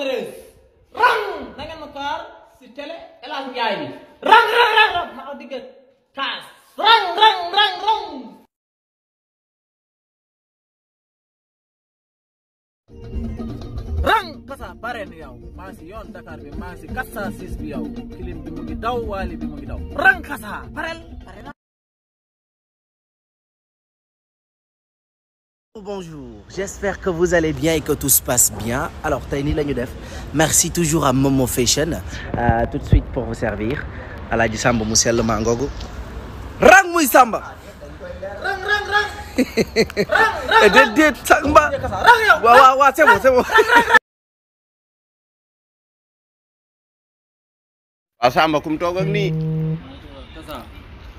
13 rang dengan ngeen si télé El Hadj Ndiaye rang rang rang rang mau xaw kas, rang rang rang rang rang kasa bare na masih maa takar bi masih si sis bi yow kilim bi mugi ngi daw waali bi mu daw rang kasa parel bonjour j'espère que vous allez bien et que tout se passe bien alors Taini Lagnodef, merci toujours à Momo Fashion euh, tout de suite pour vous servir À Samba mu sell le mangogo. rang muy Samba rang rang rang rang déet déet Samba rang, waaw c'est bon c'est bon rang Samba kum toog ak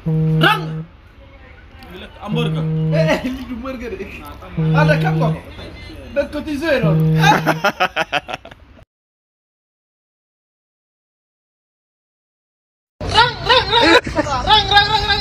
rang hamburger. Eh, little burger. Ada kapok. Dan kotizer. Rang, rang, rang. Rang, rang, rang, rang.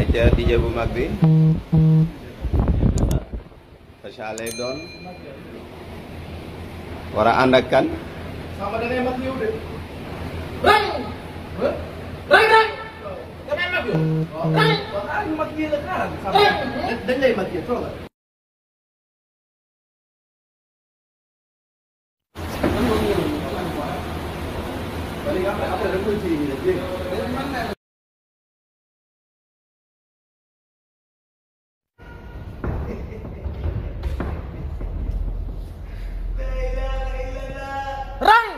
aja di Jabu mag bi Facha orang doon kan sama dengan ngay mag Bang, bang, rang rang rang bang ngay mag yow rang waaw ñu mag yi la xaaral sama dañ Rang. Rang.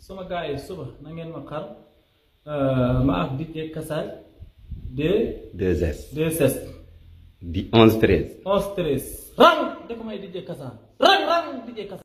sama gars yi suba na ngeen ma xar ma ak de 2S deux s di 11 13. 11 13 rang da ko may DJ Kasa rang rang DJ Kasa.